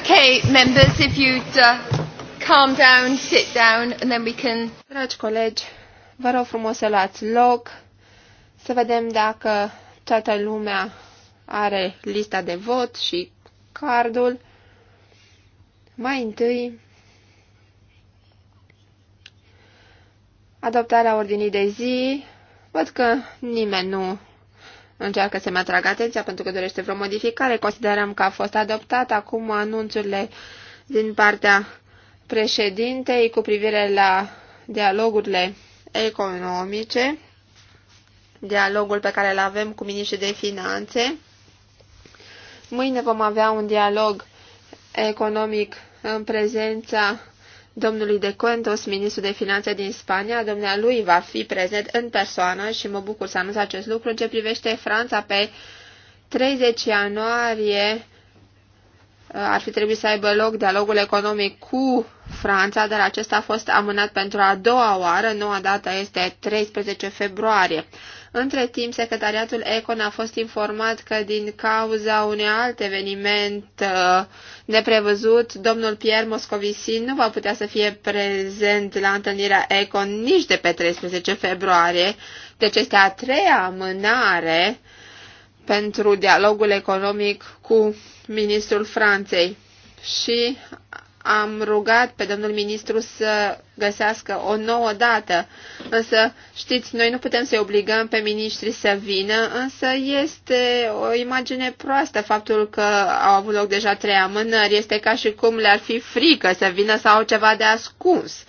Okay, members, if you'd uh, calm down, sit down, and then we can... Dragi colegi, vă rog frumos să luați loc, să vedem dacă toată lumea are lista de vot și cardul. Mai întâi, adoptarea ordinii de zi. Văd că nimeni nu încearcă să-mi atragă atenția pentru că dorește vreo modificare. Considerăm că a fost adoptat acum anunțurile din partea președintei cu privire la dialogurile economice, dialogul pe care îl avem cu ministrul de finanțe. Mâine vom avea un dialog economic în prezența domnului De Cuentos, ministru de finanțe din Spania, lui va fi prezent în persoană și mă bucur să anunț acest lucru în ce privește Franța pe 30 ianuarie ar fi trebuit să aibă loc dialogul economic cu Franța, dar acesta a fost amânat pentru a doua oară. Noua dată este 13 februarie. Între timp, secretariatul Econ a fost informat că din cauza unui alt eveniment uh, neprevăzut, domnul Pierre Moscovici nu va putea să fie prezent la întâlnirea Econ nici de pe 13 februarie. Deci este a treia amânare pentru dialogul economic cu ministrul Franței și am rugat pe domnul ministru să găsească o nouă dată, însă știți, noi nu putem să-i obligăm pe ministri să vină, însă este o imagine proastă faptul că au avut loc deja trei amânări, este ca și cum le-ar fi frică să vină sau ceva de ascuns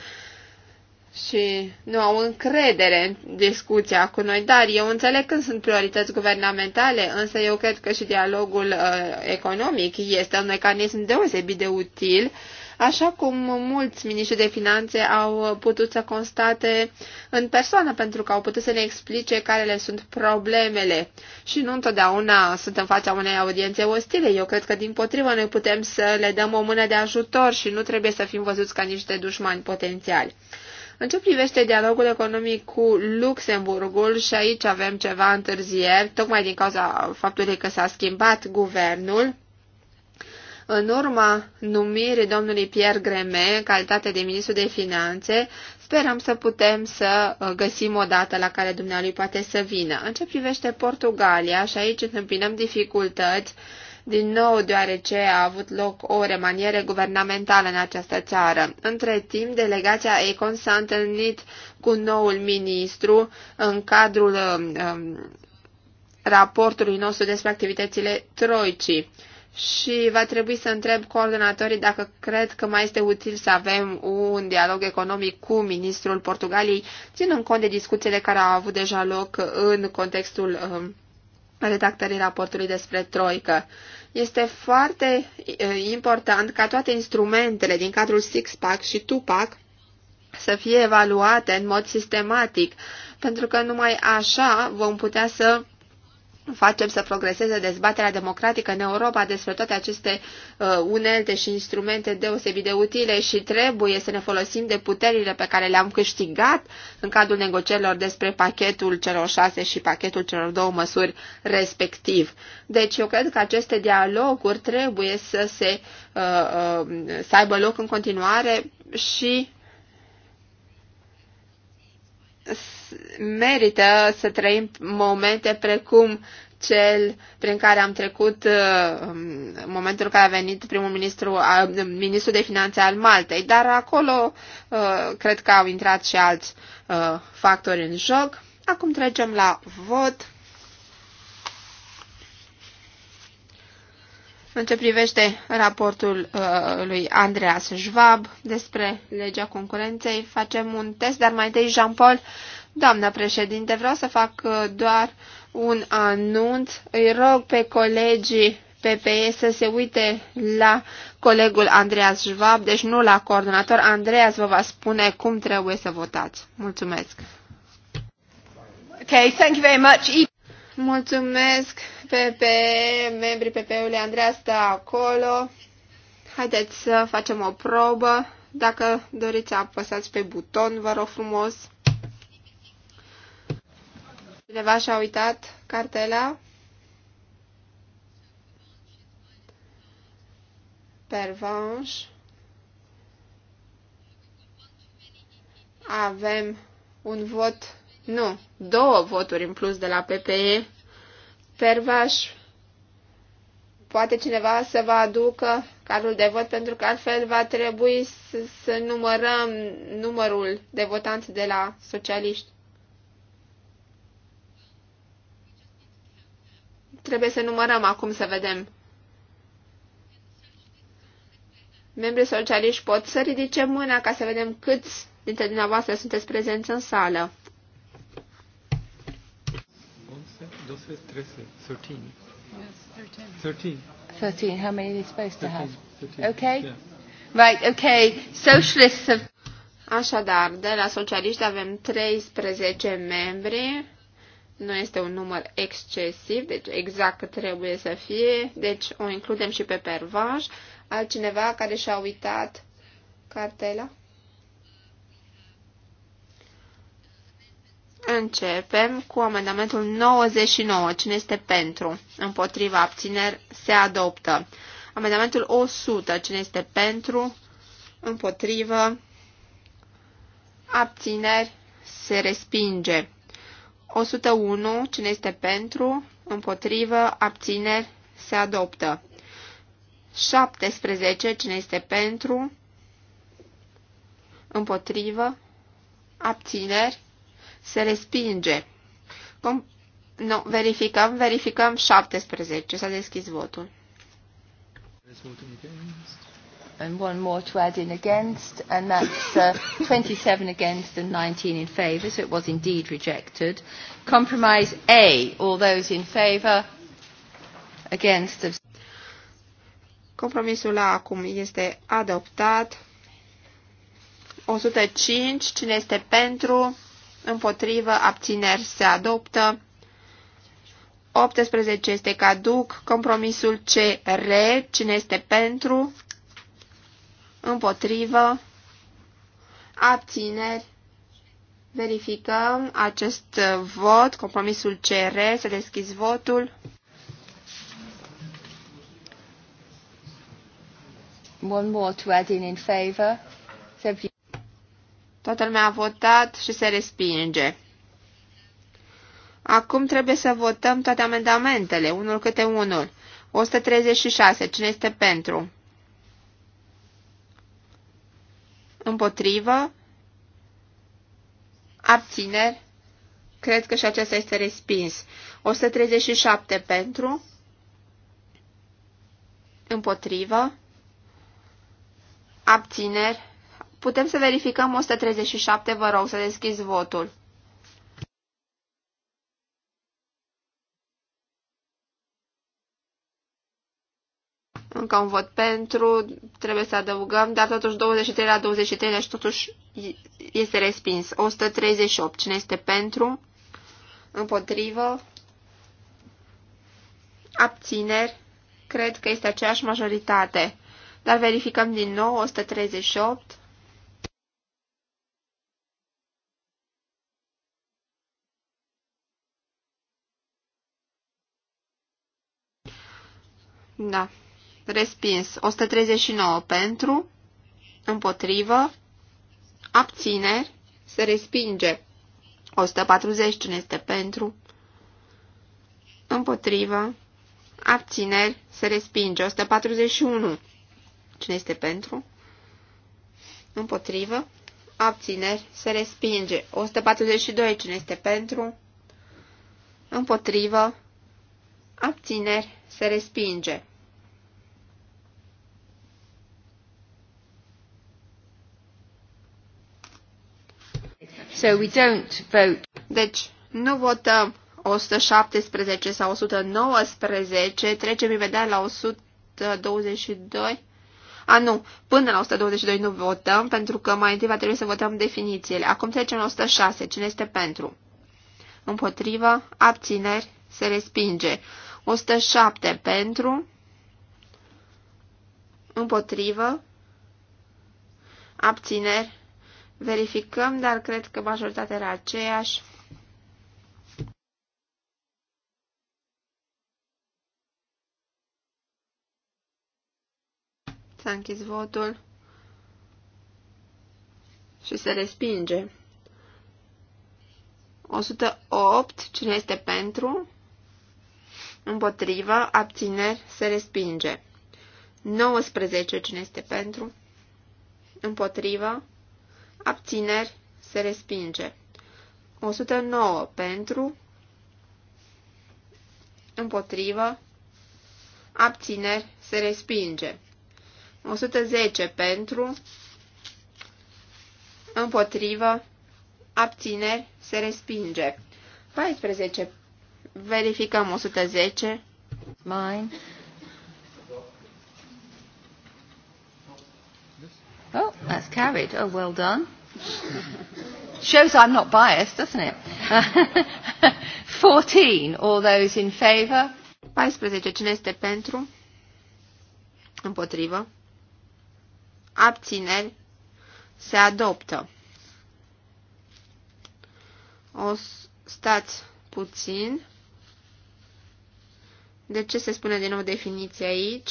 și nu au încredere în discuția cu noi, dar eu înțeleg când sunt priorități guvernamentale, însă eu cred că și dialogul uh, economic este un mecanism deosebit de util, așa cum mulți miniștri de finanțe au putut să constate în persoană, pentru că au putut să ne explice care le sunt problemele. Și nu întotdeauna sunt în fața unei audiențe ostile. Eu cred că, din potrivă, noi putem să le dăm o mână de ajutor și nu trebuie să fim văzuți ca niște dușmani potențiali. În ce privește dialogul economic cu Luxemburgul, și aici avem ceva întârzieri, tocmai din cauza faptului că s-a schimbat guvernul, în urma numirii domnului Pierre Greme, în calitate de ministru de finanțe, sperăm să putem să uh, găsim o dată la care dumnealui poate să vină. În ce privește Portugalia, și aici întâmpinăm dificultăți, din nou deoarece a avut loc o remaniere guvernamentală în această țară. Între timp, delegația Econ s-a întâlnit cu noul ministru în cadrul um, um, raportului nostru despre activitățile troicii și va trebui să întreb coordonatorii dacă cred că mai este util să avem un dialog economic cu ministrul Portugaliei, ținând cont de discuțiile care au avut deja loc în contextul um, redactării raportului despre Troică. Este foarte eh, important ca toate instrumentele din cadrul Six-Pack și Tupac să fie evaluate în mod sistematic, pentru că numai așa vom putea să facem să progreseze dezbaterea democratică în Europa despre toate aceste uh, unelte și instrumente deosebit de utile și trebuie să ne folosim de puterile pe care le-am câștigat în cadrul negocierilor despre pachetul celor șase și pachetul celor două măsuri respectiv. Deci eu cred că aceste dialoguri trebuie să se uh, uh, să aibă loc în continuare și merită să trăim momente precum cel prin care am trecut în uh, momentul în care a venit primul ministru, uh, ministru de finanțe al Maltei, dar acolo uh, cred că au intrat și alți factori în joc. Acum trecem la vot. în ce privește raportul uh, lui Andreas Schwab despre legea concurenței, facem un test, dar mai întâi, Jean-Paul, doamna președinte, vreau să fac uh, doar un anunț. Îi rog pe colegii PPE să se uite la colegul Andreas Schwab, deci nu la coordonator. Andreas vă va spune cum trebuie să votați. Mulțumesc! Okay, thank you very much. Mulțumesc! PP, membrii PP-ului Andreea stă acolo. Haideți să facem o probă. Dacă doriți, apăsați pe buton, vă rog frumos. Cineva și-a uitat cartela? Pervanș. Avem un vot, nu, două voturi în plus de la PPE. Fervaș, poate cineva să vă aducă cardul de vot, pentru că altfel va trebui să, să numărăm numărul de votanți de la socialiști. Trebuie să numărăm acum să vedem. Membrii socialiști pot să ridice mâna ca să vedem câți dintre dumneavoastră sunteți prezenți în sală. 13, How many are supposed 13, to have? 13. Okay. Yeah. Right, okay. Socialists have... Așadar, de la socialiști avem 13 membri. Nu este un număr excesiv, deci exact cât trebuie să fie. Deci o includem și pe pervaj. Altcineva care și-a uitat cartela? Începem cu amendamentul 99. Cine este pentru? Împotriva abțineri se adoptă. Amendamentul 100. Cine este pentru? Împotrivă. Abțineri se respinge. 101. Cine este pentru? Împotrivă. Abțineri se adoptă. 17. Cine este pentru? Împotrivă. Abțineri se respinge. Com nu, verificăm, verificăm 17. S-a deschis votul. And one more to add in against, and that's uh, 27 against and 19 in favour, so it was indeed rejected. Compromise A, all those in favour, against. Compromisul A acum este adoptat. 105, cine este pentru? împotrivă, abțineri se adoptă. 18 este caduc, compromisul CR, cine este pentru, împotrivă, abțineri. Verificăm acest vot, compromisul CR, să deschizi votul. One more to add in in favor. Toată lumea a votat și se respinge. Acum trebuie să votăm toate amendamentele, unul câte unul. 136. Cine este pentru? Împotrivă? Abțineri? Cred că și acesta este respins. 137 pentru? Împotrivă? Abțineri? Putem să verificăm 137, vă rog să deschizi votul. Încă un vot pentru, trebuie să adăugăm, dar totuși 23 la 23, deci totuși este respins. 138, cine este pentru? Împotrivă? Abțineri? Cred că este aceeași majoritate. Dar verificăm din nou 138. Da. Respins. 139 pentru, împotrivă, abțineri, se respinge. 140 cine este pentru, împotrivă, abțineri, se respinge. 141 cine este pentru, împotrivă, abțineri, se respinge. 142 cine este pentru, împotrivă, abțineri, se respinge. So we don't vote. Deci, nu votăm 117 sau 119, trecem imediat la 122. A, nu, până la 122 nu votăm, pentru că mai întâi va trebui să votăm definițiile. Acum trecem la 106. Cine este pentru? Împotrivă, abțineri, se respinge. 107 pentru, împotrivă, abțineri, verificăm, dar cred că majoritatea era aceeași. S-a închis votul și se respinge. 108. Cine este pentru? împotrivă, abțineri, se respinge. 19. Cine este pentru? Împotrivă, abțineri, se respinge. 109. Pentru, împotrivă, abțineri, se respinge. 110. Pentru, împotrivă, abțineri, se respinge. 14. Verificăm 110. Mine. Oh, that's carried. Oh, well done. Shows I'm not biased, doesn't it? 14. All those in favour? 14. Cine este pentru? Împotrivă. Abțineri. Se adoptă. O stați puțin. De ce se spune din nou definiția aici?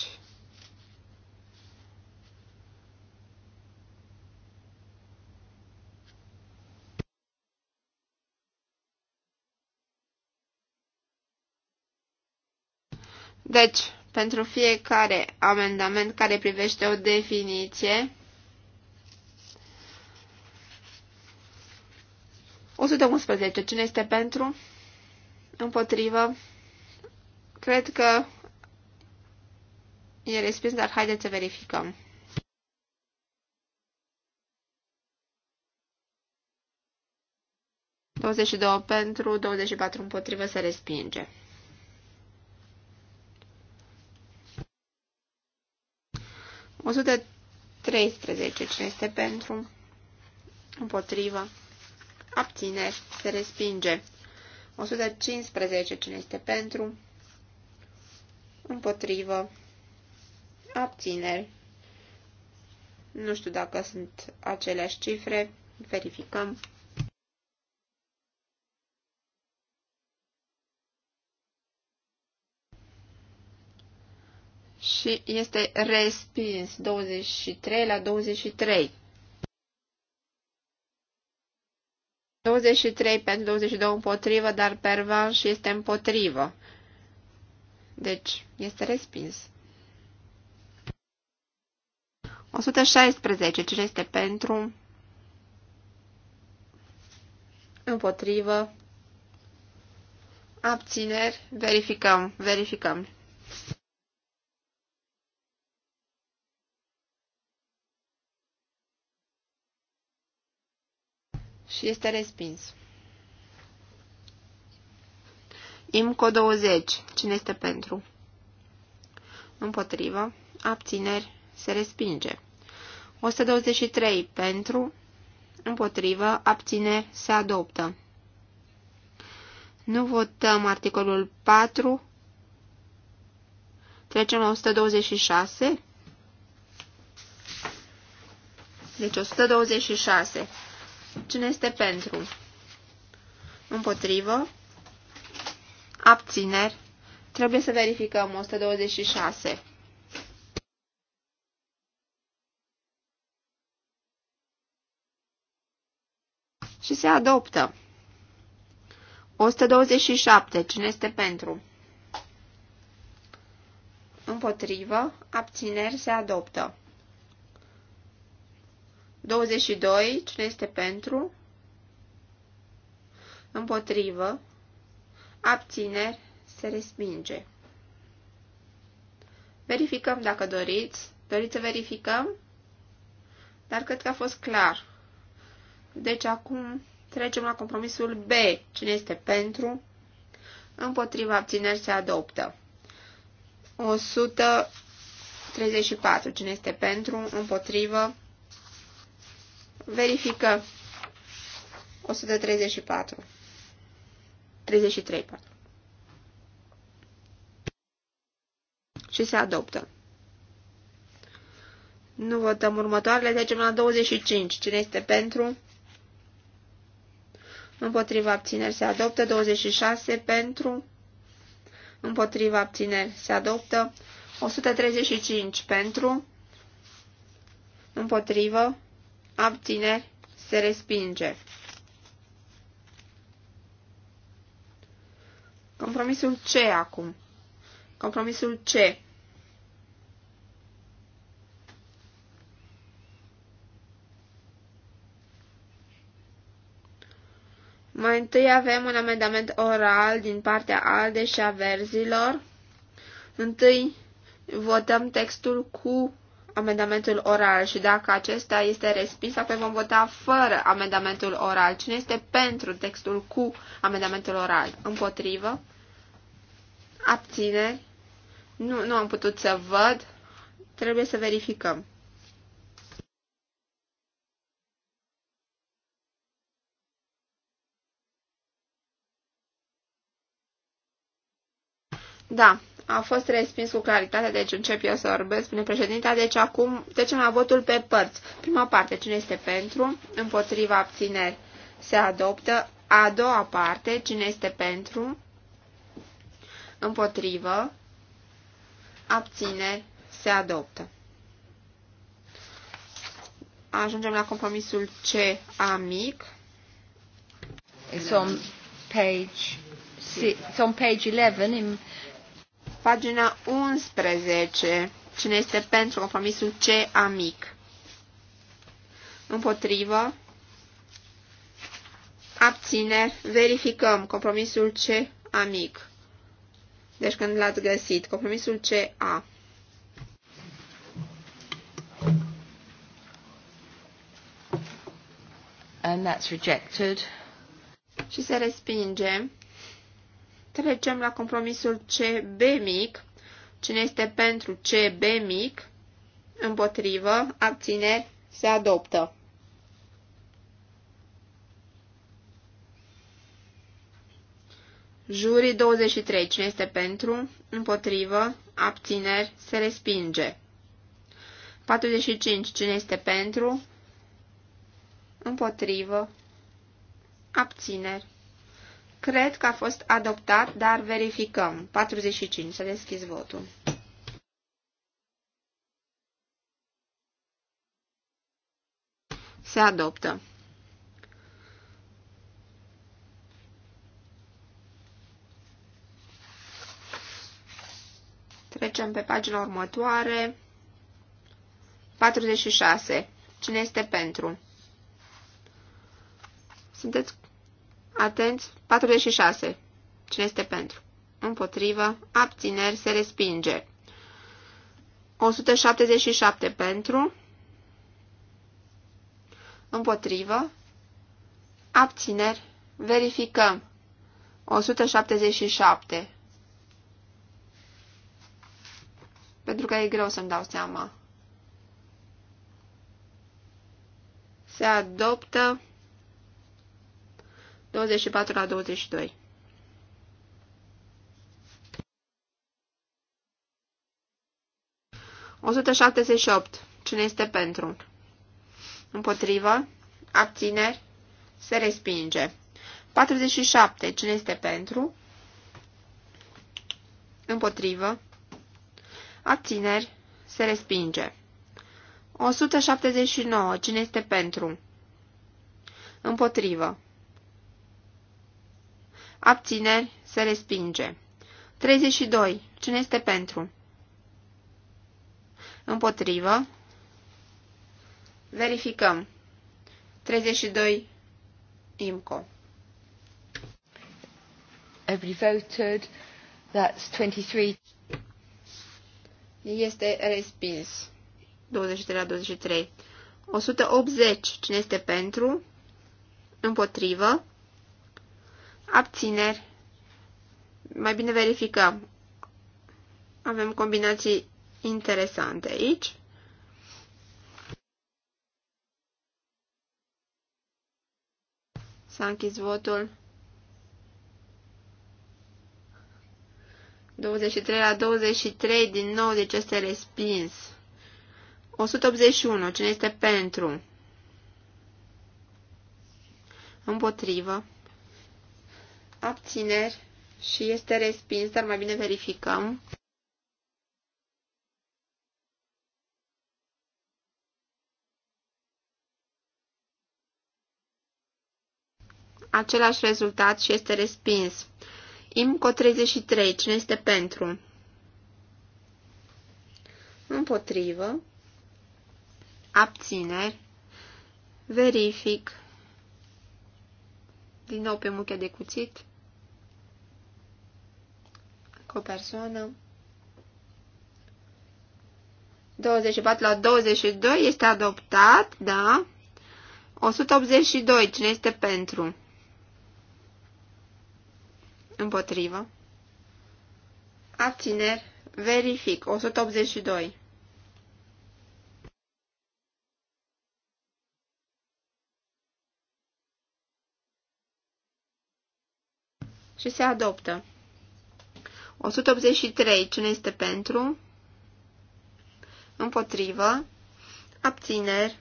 Deci, pentru fiecare amendament care privește o definiție, 111. Cine este pentru? Împotrivă? Cred că e respins, dar haideți să verificăm. doi pentru, 24 împotrivă se respinge. O 113, cine este pentru, împotrivă, abține, se respinge. 115, cine este pentru, împotrivă, abțineri. Nu știu dacă sunt aceleași cifre, verificăm. Și este respins 23 la 23. 23 pentru 22 împotrivă, dar pervan și este împotrivă. Deci, este respins. 116. Cine este pentru? Împotrivă. Abțineri. Verificăm. Verificăm. Și este respins. IMCO 20. Cine este pentru? Împotrivă. Abțineri. Se respinge. 123. Pentru. Împotrivă. Abțineri. Se adoptă. Nu votăm articolul 4. Trecem la 126. Deci 126. Cine este pentru? Împotrivă abțineri, trebuie să verificăm 126. Și se adoptă. 127. Cine este pentru? Împotrivă, abțineri, se adoptă. 22. Cine este pentru? Împotrivă, abțineri, se respinge. Verificăm dacă doriți. Doriți să verificăm? Dar cred că a fost clar. Deci acum trecem la compromisul B. Cine este pentru? Împotriva abțineri se adoptă. 134. Cine este pentru? Împotrivă? Verifică. 134. 33, pardon. Și se adoptă. Nu votăm următoarele, trecem la 25. Cine este pentru? Împotriva abțineri se adoptă. 26 pentru. Împotriva abțineri se adoptă. 135 pentru. Împotrivă. Abțineri se respinge. Compromisul C acum. Compromisul C. Mai întâi avem un amendament oral din partea ALDE și a verzilor. Întâi votăm textul cu amendamentul oral și dacă acesta este respins, apoi vom vota fără amendamentul oral. Cine este pentru textul cu amendamentul oral? Împotrivă? Abțineri. Nu, nu am putut să văd. Trebuie să verificăm. Da, a fost respins cu claritate, deci încep eu să vorbesc, spune președinta. Deci acum trecem la votul pe părți. Prima parte, cine este pentru? Împotriva abțineri se adoptă. A doua parte, cine este pentru? împotrivă, abțineri, se adoptă. Ajungem la compromisul C amic. It's on page, it's on page 11 in... Pagina 11. Cine este pentru compromisul C amic? Împotrivă. Abțineri. Verificăm compromisul C amic. Deci când l-ați găsit, compromisul CA. And that's rejected. Și se respinge. Trecem la compromisul CB mic. Cine este pentru CB mic? Împotrivă, abțineri, se adoptă. Jurii 23. Cine este pentru? Împotrivă. Abțineri. Se respinge. 45. Cine este pentru? Împotrivă. Abțineri. Cred că a fost adoptat, dar verificăm. 45. Să deschis votul. Se adoptă. Trecem pe pagina următoare. 46. Cine este pentru? Sunteți atenți? 46. Cine este pentru? Împotrivă. Abțineri. Se respinge. 177 pentru. Împotrivă. Abțineri. Verificăm. 177. pentru că e greu să-mi dau seama. Se adoptă 24 la 22. O Cine este pentru? Împotrivă. Abțineri. Se respinge. 47. Cine este pentru? Împotrivă. Abțineri. Se respinge. 179. Cine este pentru? Împotrivă. Abțineri. Se respinge. 32. Cine este pentru? Împotrivă. Verificăm. 32. IMCO. Every voted. That's 23 este respins. 23 la 23. 180. Cine este pentru? Împotrivă. Abțineri. Mai bine verificăm. Avem combinații interesante aici. S-a închis votul. 23 la 23 din 90 deci este respins. 181. Cine este pentru? Împotrivă. Abțineri. Și este respins, dar mai bine verificăm. Același rezultat și este respins. IMCO 33. Cine este pentru? Împotrivă. Abțineri. Verific. Din nou pe muchea de cuțit. Cu o persoană. 24 la 22 este adoptat, da? 182. Cine este pentru? Împotrivă. Abțineri. Verific. 182. Și se adoptă. 183. Cine este pentru? Împotrivă. Abțineri.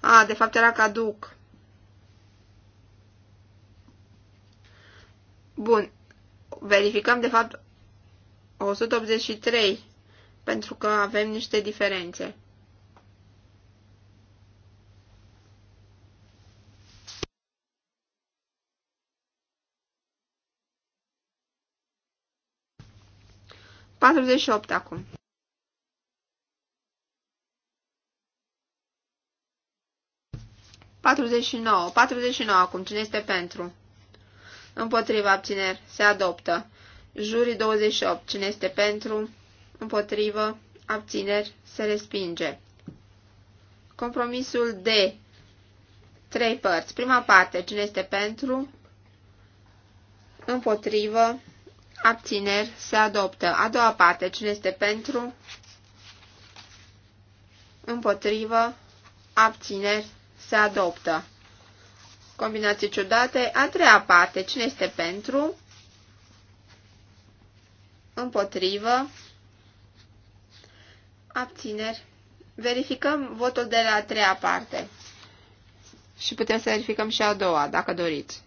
A, de fapt era caduc. Bun. Verificăm, de fapt, 183, pentru că avem niște diferențe. Patruzeci și opt acum. Patruzeci și nouă. Patruzeci și nouă acum. Cine este pentru? Împotriva abțineri se adoptă. Jurii 28. Cine este pentru? Împotrivă. Abțineri se respinge. Compromisul D. Trei părți. Prima parte. Cine este pentru? Împotrivă. Abțineri se adoptă. A doua parte. Cine este pentru? Împotrivă. Abțineri se adoptă combinații ciudate. A treia parte, cine este pentru? Împotrivă. Abțineri. Verificăm votul de la a treia parte. Și putem să verificăm și a doua, dacă doriți.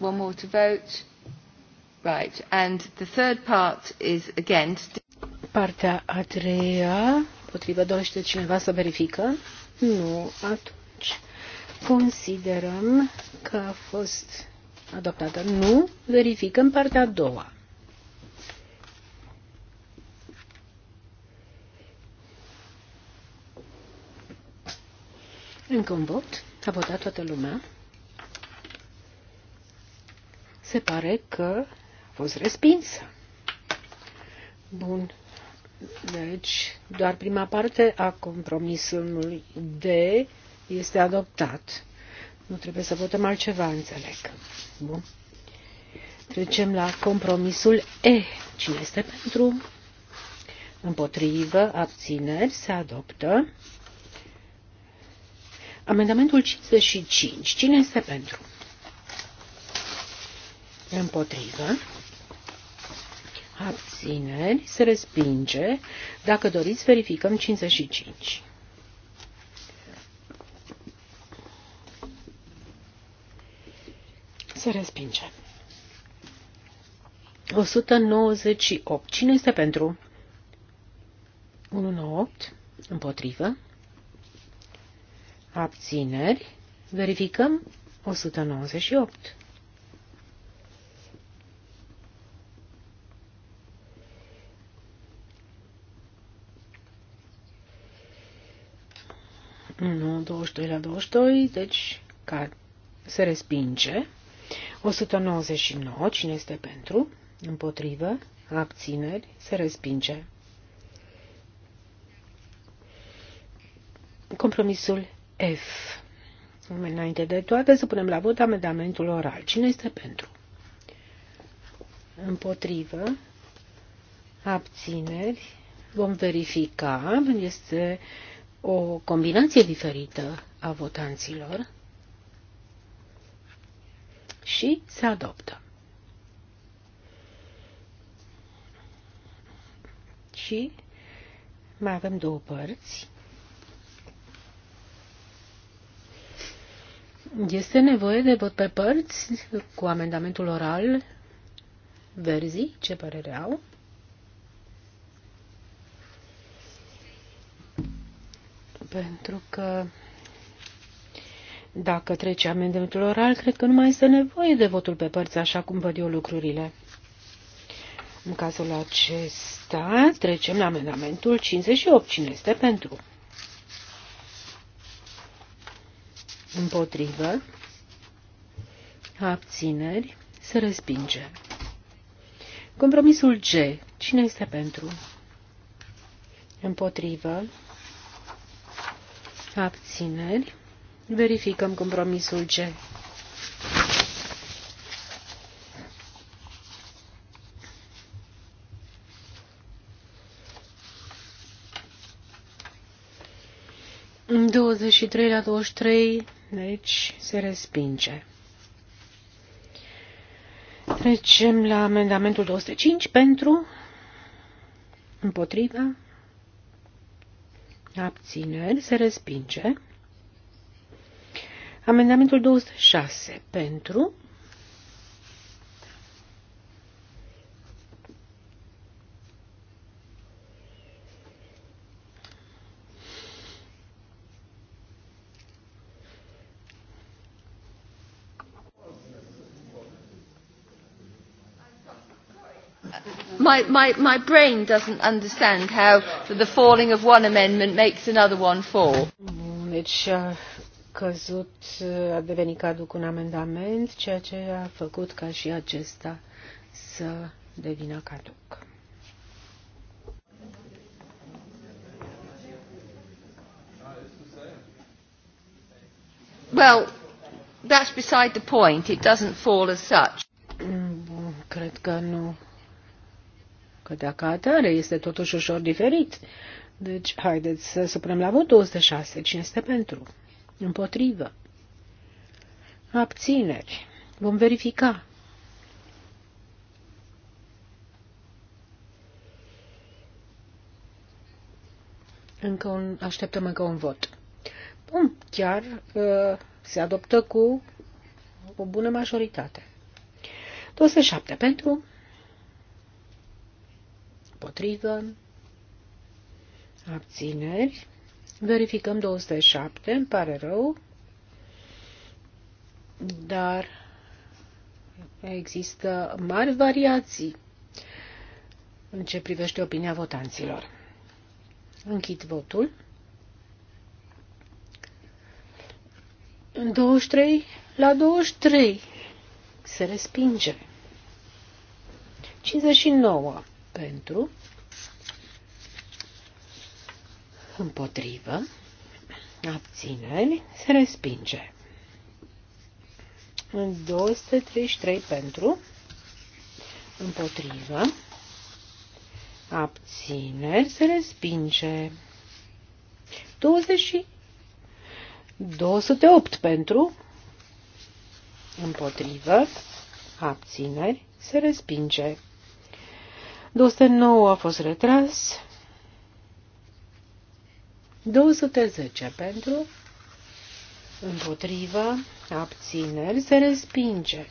One more to vote. Right. And the third part is against. Partea a treia potrivă. dorește cineva să verifică? Nu, atunci considerăm că a fost adoptată. Nu, verificăm partea a doua. Încă un vot. A votat toată lumea. Se pare că a fost respinsă. Bun. Deci, doar prima parte a compromisului D este adoptat. Nu trebuie să votăm altceva, înțeleg. Bun. Trecem la compromisul E. Cine este pentru? Împotrivă, abțineri, se adoptă. Amendamentul 55. Cine este pentru? Împotrivă abțineri, se respinge. Dacă doriți, verificăm 55. Se respinge. 198. Cine este pentru? 198. Împotrivă. Abțineri. Verificăm 198. 1, 22 la 22, deci ca se respinge. 199, cine este pentru? Împotrivă, abțineri, se respinge. Compromisul F. Înainte de toate să punem la vot amendamentul oral. Cine este pentru? Împotrivă, abțineri, vom verifica, este o combinație diferită a votanților și se adoptă. Și mai avem două părți. Este nevoie de vot pe părți cu amendamentul oral verzii, ce părere au? pentru că dacă trece amendamentul oral, cred că nu mai este nevoie de votul pe părți, așa cum văd eu lucrurile. În cazul acesta, trecem la amendamentul 58. Cine este pentru? Împotrivă. Abțineri. Se respinge. Compromisul G. Cine este pentru? Împotrivă abțineri. Verificăm compromisul G. În 23 la 23, deci se respinge. Trecem la amendamentul 205 pentru, împotriva, Abțineri se respinge. Amendamentul 206 pentru my, my, my brain doesn't understand how the falling of one amendment makes another one fall. Deci a căzut, a devenit caduc un amendament, ceea ce a făcut ca și acesta să devină caduc. Well, that's beside the point. It doesn't fall as such. Mm, cred că nu Că ca atare este totuși ușor diferit. Deci, haideți să supunem la vot 26. Cine este pentru? Împotrivă. Abțineri. Vom verifica. Încă un, așteptăm încă un vot. Bun, chiar uh, se adoptă cu o bună majoritate. 207 pentru, Împotrivă. Abțineri. Verificăm 207, îmi pare rău, dar există mari variații în ce privește opinia votanților. Închid votul. În 23 la 23 se respinge. 59 pentru, împotrivă, abțineri, se respinge. 233 pentru, împotrivă, abțineri, se respinge. 20 208 pentru, împotrivă, abțineri, se respinge. 209 a fost retras. 210 pentru, împotrivă, abțineri, se respinge.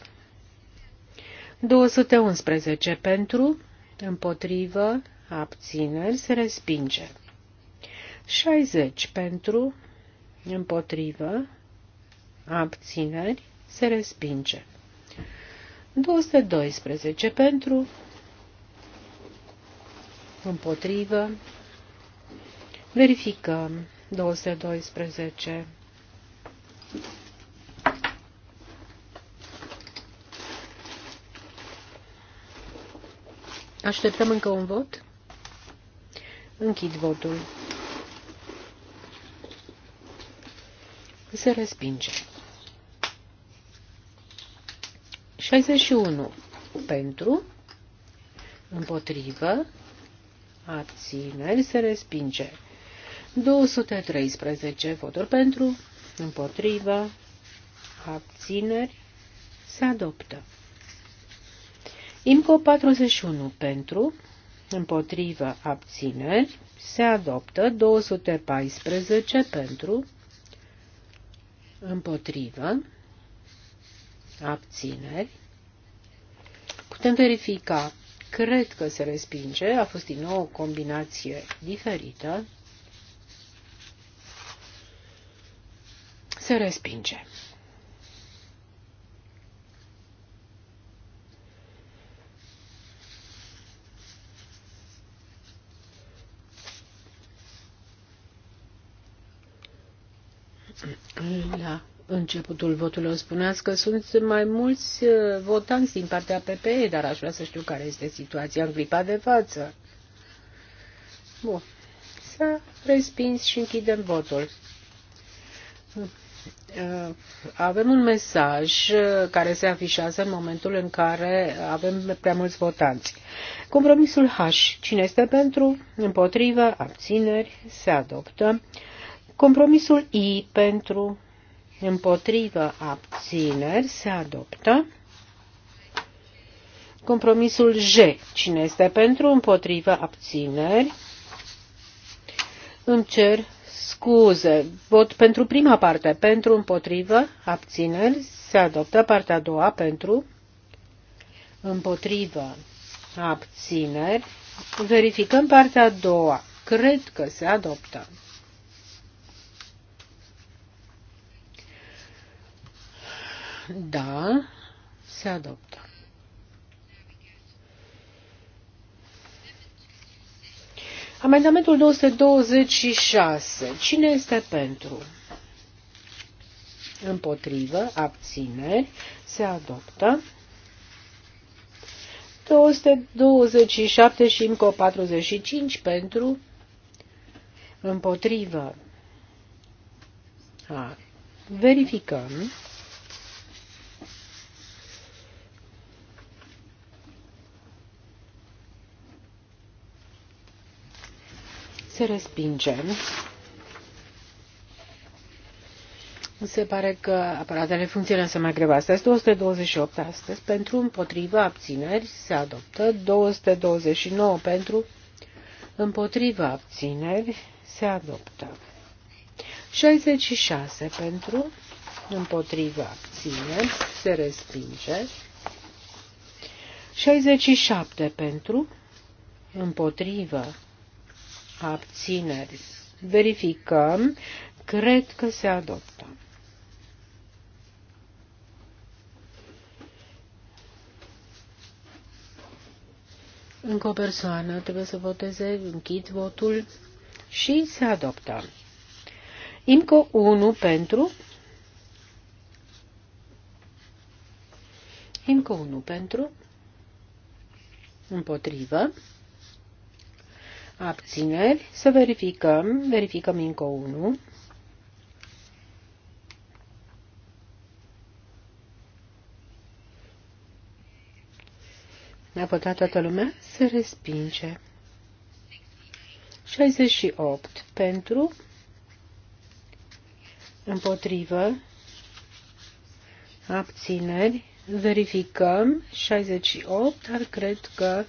211 pentru, împotrivă, abțineri, se respinge. 60 pentru, împotrivă, abțineri, se respinge. 212 pentru, împotrivă. Verificăm 212. Așteptăm încă un vot? Închid votul. Se respinge. 61 pentru, împotrivă, abțineri, se respinge. 213 voturi pentru, împotrivă, abțineri, se adoptă. IMCO 41 pentru, împotrivă, abțineri, se adoptă. 214 pentru, împotrivă, abțineri. Putem verifica Cred că se respinge. A fost din nou o combinație diferită. Se respinge. la începutul votului spuneați că sunt mai mulți uh, votanți din partea PPE, dar aș vrea să știu care este situația în clipa de față. Bun. S-a respins și închidem votul. Uh, avem un mesaj uh, care se afișează în momentul în care avem prea mulți votanți. Compromisul H. Cine este pentru? Împotrivă? Abțineri? Se adoptă. Compromisul I pentru împotrivă, abțineri, se adoptă. Compromisul G Cine este pentru, împotrivă, abțineri? Îmi cer scuze. Vot pentru prima parte. Pentru, împotrivă, abțineri. Se adoptă partea a doua pentru, împotrivă, abțineri. Verificăm partea a doua. Cred că se adoptă. Da, se adoptă. Amendamentul 226. Cine este pentru? Împotrivă, abțineri, se adoptă. 227 și încă 45 pentru, împotrivă. A, verificăm. Se respinge. Se pare că aparatele funcționează mai greu astăzi. 228 astăzi pentru, împotriva, abțineri, se adoptă. 229 pentru, împotriva, abțineri, se adoptă. 66 pentru, împotriva, abțineri, se respinge. 67 pentru, împotriva, abțineri. Verificăm. Cred că se adoptă. Încă o persoană trebuie să voteze, închid votul și se adoptă. Încă 1 pentru. Încă 1 pentru. Împotrivă abțineri, să verificăm, verificăm încă ne A votat toată lumea? Se respinge. 68 pentru, împotrivă, abțineri, verificăm, 68, dar cred că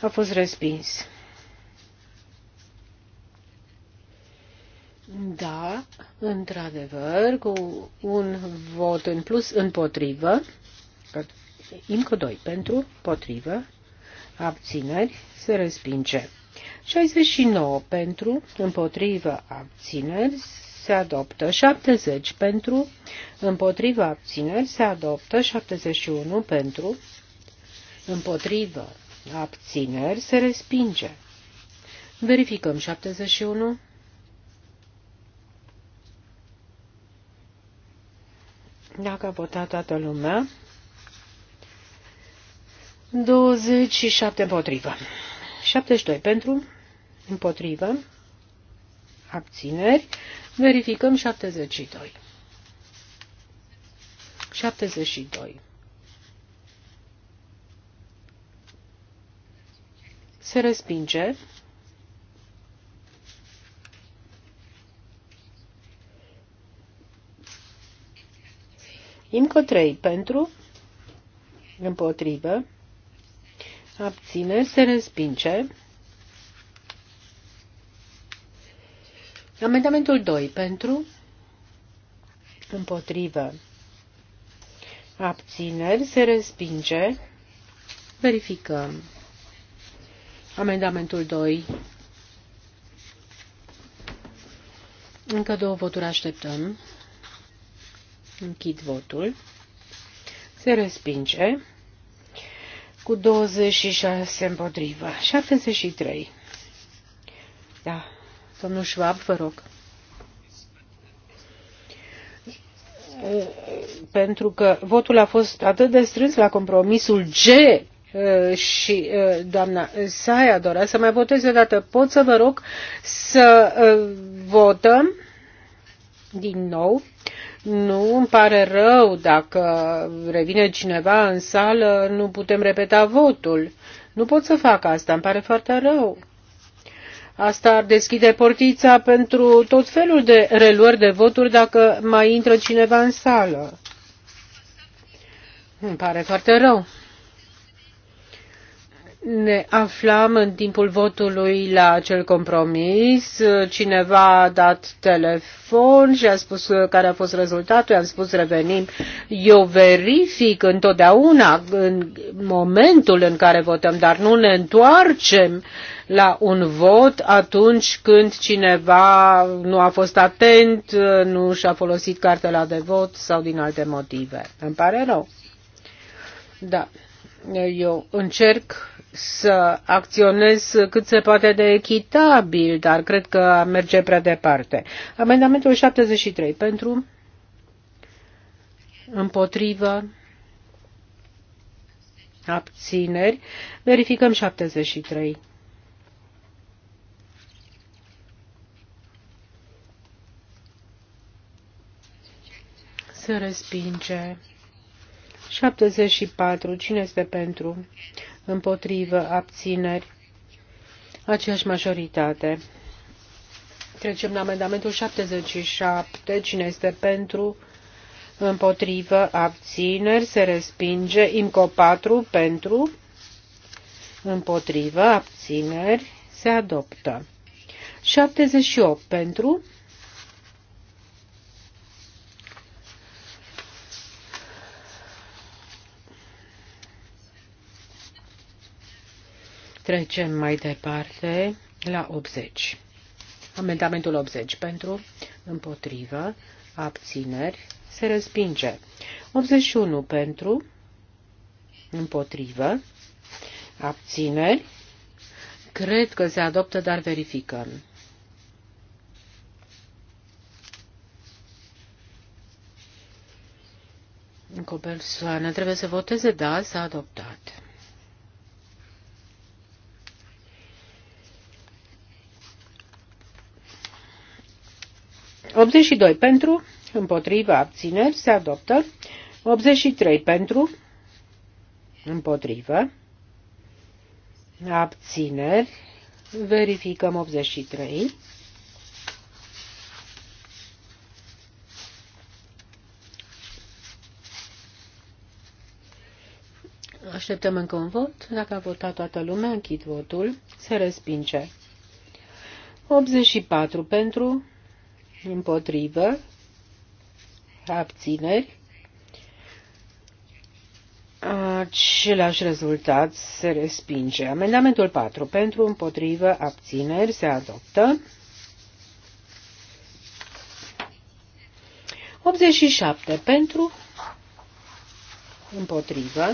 a fost respins. Da, într-adevăr, cu un vot în plus împotrivă. încă doi pentru, potrivă, abțineri, se respinge. 69 pentru, împotrivă, abțineri, se adoptă. 70 pentru, împotrivă, abțineri, se adoptă. 71 pentru, împotrivă, abțineri, se respinge. Verificăm 71. Dacă a votat toată lumea, 27 împotrivă. 72 pentru, împotrivă, abțineri. Verificăm 72. 72. Se respinge. IMCO 3 pentru, împotrivă, abține, se respinge. Amendamentul 2 pentru, împotrivă, abțineri, se respinge. Verificăm. Amendamentul 2. Încă două voturi așteptăm. Închid votul. Se respinge cu 26 împotriva. 73. Da. Domnul Schwab, vă rog. Pentru că votul a fost atât de strâns la compromisul G uh, și uh, doamna Saia dorea să mai voteze o dată. Pot să vă rog să uh, votăm din nou nu îmi pare rău dacă revine cineva în sală, nu putem repeta votul. Nu pot să fac asta, îmi pare foarte rău. Asta ar deschide portița pentru tot felul de reluări de voturi dacă mai intră cineva în sală. Îmi pare foarte rău ne aflam în timpul votului la acel compromis. Cineva a dat telefon și a spus care a fost rezultatul, i-am spus revenim. Eu verific întotdeauna în momentul în care votăm, dar nu ne întoarcem la un vot atunci când cineva nu a fost atent, nu și-a folosit cartela de vot sau din alte motive. Îmi pare rău. Da. Eu încerc să acționez cât se poate de echitabil, dar cred că merge prea departe. Amendamentul 73 pentru împotrivă abțineri. Verificăm 73. Se respinge. 74. Cine este pentru? Împotrivă. Abțineri. Aceeași majoritate. Trecem la amendamentul 77. Cine este pentru? Împotrivă. Abțineri. Se respinge. IMCO 4. Pentru. Împotrivă. Abțineri. Se adoptă. 78. Pentru. Trecem mai departe la 80. Amendamentul 80 pentru, împotrivă, abțineri, se respinge. 81 pentru, împotrivă, abțineri, cred că se adoptă, dar verificăm. Încă o persoană trebuie să voteze, da, s-a adoptat. 82 pentru, împotriva abțineri se adoptă. 83 pentru, împotrivă, abțineri, verificăm 83. Așteptăm încă un vot. Dacă a votat toată lumea, închid votul. Se respinge. 84 pentru, împotrivă, abțineri, același rezultat se respinge. Amendamentul 4. Pentru, împotrivă, abțineri se adoptă. 87. Pentru, împotrivă,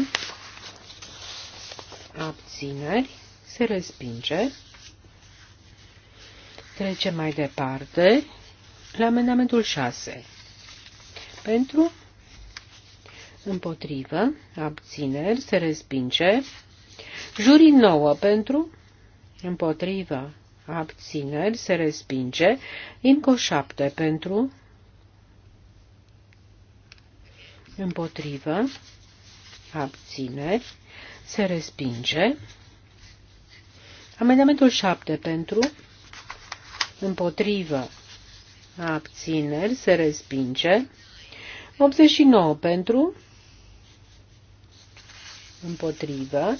abțineri se respinge. Trecem mai departe la amendamentul 6. Pentru, împotrivă, abțineri, se respinge. Jurii 9 pentru, împotrivă, abțineri, se respinge. Inco 7 pentru, împotrivă, abțineri, se respinge. Amendamentul 7 pentru, împotrivă, abțineri, se respinge. 89 pentru, împotrivă,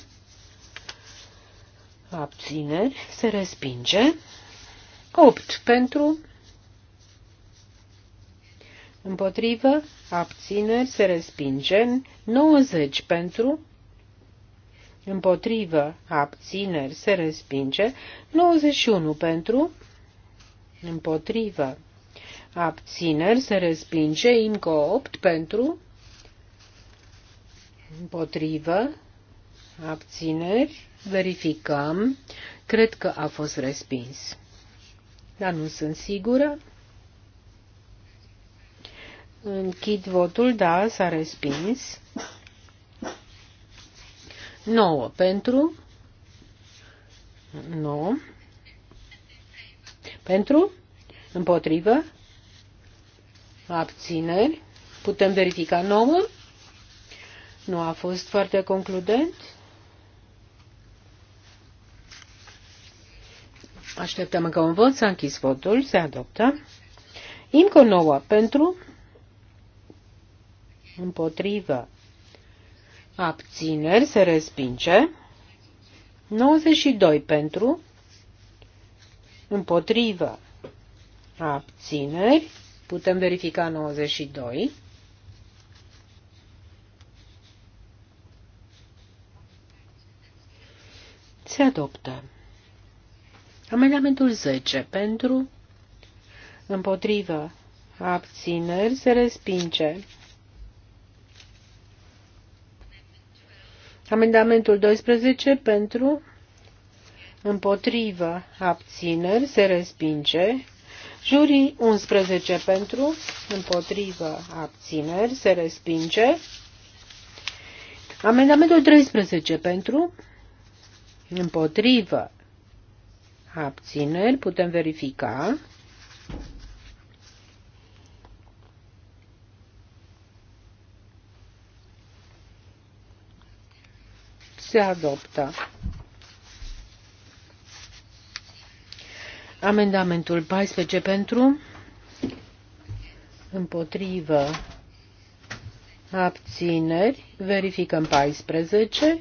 abțineri, se respinge. 8 pentru, împotrivă, abțineri, se respinge. 90 pentru, împotrivă, abțineri, se respinge. 91 pentru, împotrivă, abțineri se respinge, IMCO 8 pentru, împotrivă, abțineri, verificăm, cred că a fost respins, dar nu sunt sigură. Închid votul, da, s-a respins. 9 pentru, 9 pentru, împotrivă, abțineri. Putem verifica nouă, Nu a fost foarte concludent. Așteptăm încă un vot, s-a închis votul, se adoptă. Încă nouă pentru, împotrivă, abțineri, se respinge. 92 pentru, împotrivă, abțineri, Putem verifica 92. Se adoptă. Amendamentul 10. Pentru, împotrivă, abțineri, se respinge. Amendamentul 12. Pentru, împotrivă, abțineri, se respinge. Jurii 11 pentru, împotrivă, abțineri, se respinge. Amendamentul 13 pentru, împotrivă, abțineri, putem verifica. Se adoptă. Amendamentul 14 pentru, împotrivă, abțineri, verificăm 14.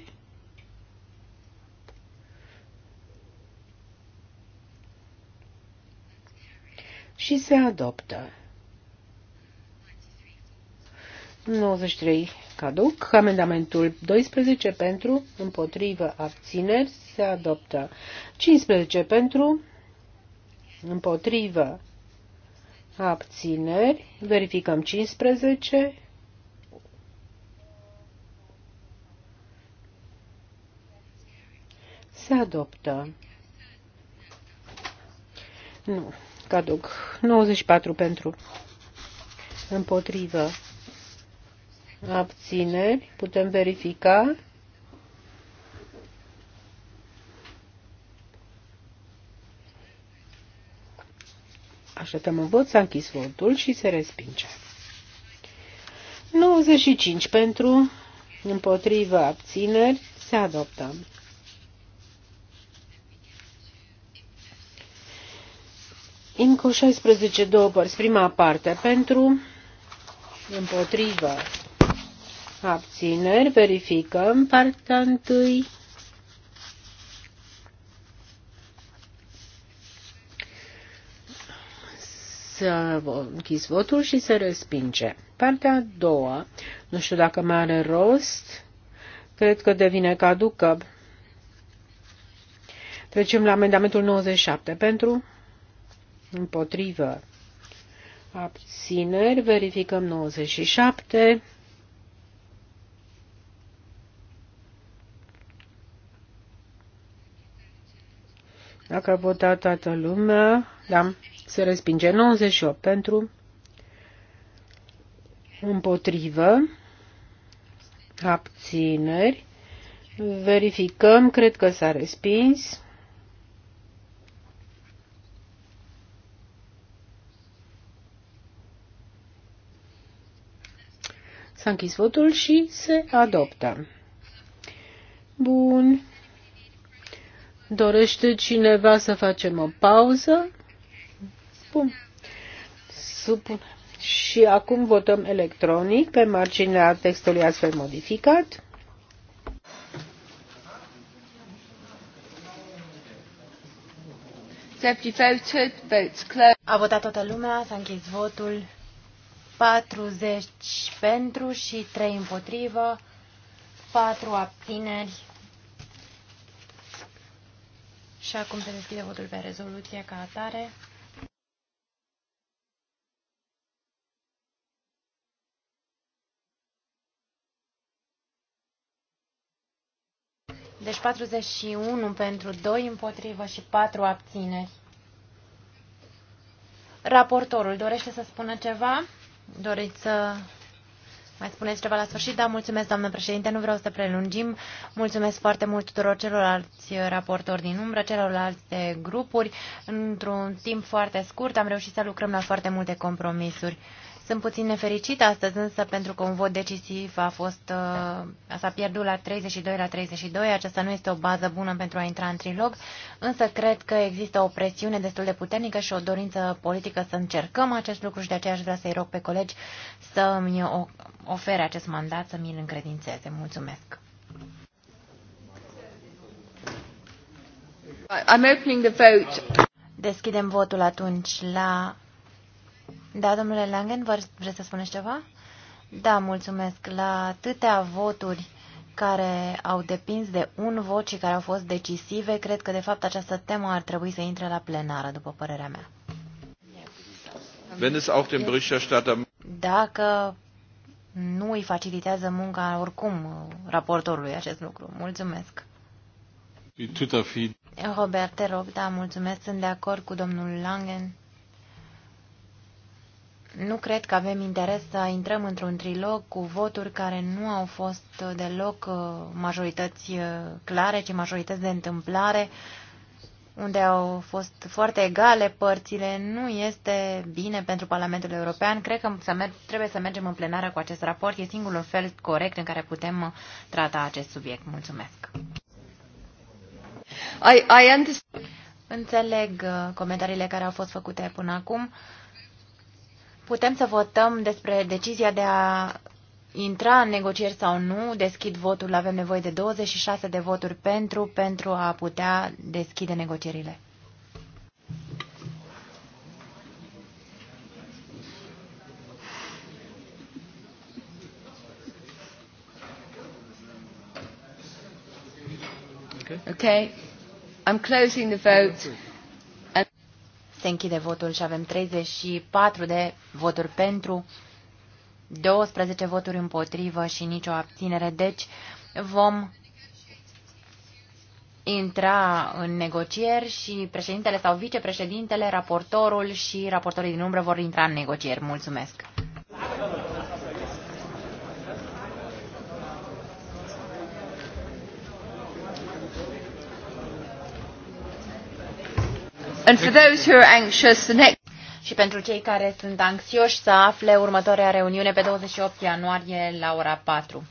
Și se adoptă. 93 caduc. Amendamentul 12 pentru, împotrivă, abțineri, se adoptă. 15 pentru, împotrivă, abțineri, verificăm 15, se adoptă. Nu, caduc. 94 pentru. Împotrivă. Abțineri. Putem verifica. Așteptăm un vot, s-a închis votul și se respinge. 95 pentru, împotrivă abțineri, se adoptă. Încă 16, două părți, prima parte, pentru, împotrivă, abțineri, verificăm partea întâi. să a închis votul și se respinge. Partea a doua, nu știu dacă mai are rost, cred că devine caducă. Trecem la amendamentul 97. Pentru? Împotrivă. Abțineri. Verificăm 97. Dacă a votat toată lumea, da se respinge 98 pentru, împotrivă, abțineri, verificăm, cred că s-a respins. S-a închis votul și se adoptă. Bun. Dorește cineva să facem o pauză? Bun. Supun. Și acum votăm electronic pe marginea textului astfel modificat. A votat toată lumea, s-a închis votul. 40 pentru și 3 împotrivă, 4 abțineri. Și acum se deschide votul pe rezoluție ca atare. Deci 41 pentru 2 împotrivă și 4 abțineri. Raportorul dorește să spună ceva? Doriți să mai spuneți ceva la sfârșit? Da, mulțumesc, doamnă președinte, nu vreau să prelungim. Mulțumesc foarte mult tuturor celorlalți raportori din umbră, celorlalte grupuri. Într-un timp foarte scurt am reușit să lucrăm la foarte multe compromisuri. Sunt puțin nefericită astăzi, însă, pentru că un vot decisiv a fost, uh, s-a pierdut la 32 la 32. Aceasta nu este o bază bună pentru a intra în trilog, însă cred că există o presiune destul de puternică și o dorință politică să încercăm acest lucru și de aceea aș vrea să-i rog pe colegi să mi ofere acest mandat, să mi-l încredințeze. Mulțumesc! I'm opening the vote. Deschidem votul atunci la da, domnule Langen, vreți să spuneți ceva? Da, mulțumesc. La atâtea voturi care au depins de un vot și care au fost decisive, cred că, de fapt, această temă ar trebui să intre la plenară, după părerea mea. dacă nu îi facilitează munca oricum raportorului acest lucru. Mulțumesc. Robert, te rog, da, mulțumesc. Sunt de acord cu domnul Langen. Nu cred că avem interes să intrăm într-un trilog cu voturi care nu au fost deloc uh, majorități uh, clare, ci majorități de întâmplare, unde au fost foarte egale părțile. Nu este bine pentru Parlamentul European. Cred că trebuie să mergem în plenară cu acest raport. E singurul fel corect în care putem uh, trata acest subiect. Mulțumesc. I, I Înțeleg comentariile care au fost făcute până acum. Putem să votăm despre decizia de a intra în negocieri sau nu, deschid votul, avem nevoie de 26 de voturi pentru, pentru a putea deschide negocierile. Okay. I'm closing the vote. Se închide votul și avem 34 de voturi pentru, 12 voturi împotrivă și nicio abținere. Deci vom intra în negocieri și președintele sau vicepreședintele, raportorul și raportorii din umbră vor intra în negocieri. Mulțumesc! And for those who are anxious, the next... Și pentru cei care sunt anxioși să afle următoarea reuniune pe 28 ianuarie la ora 4.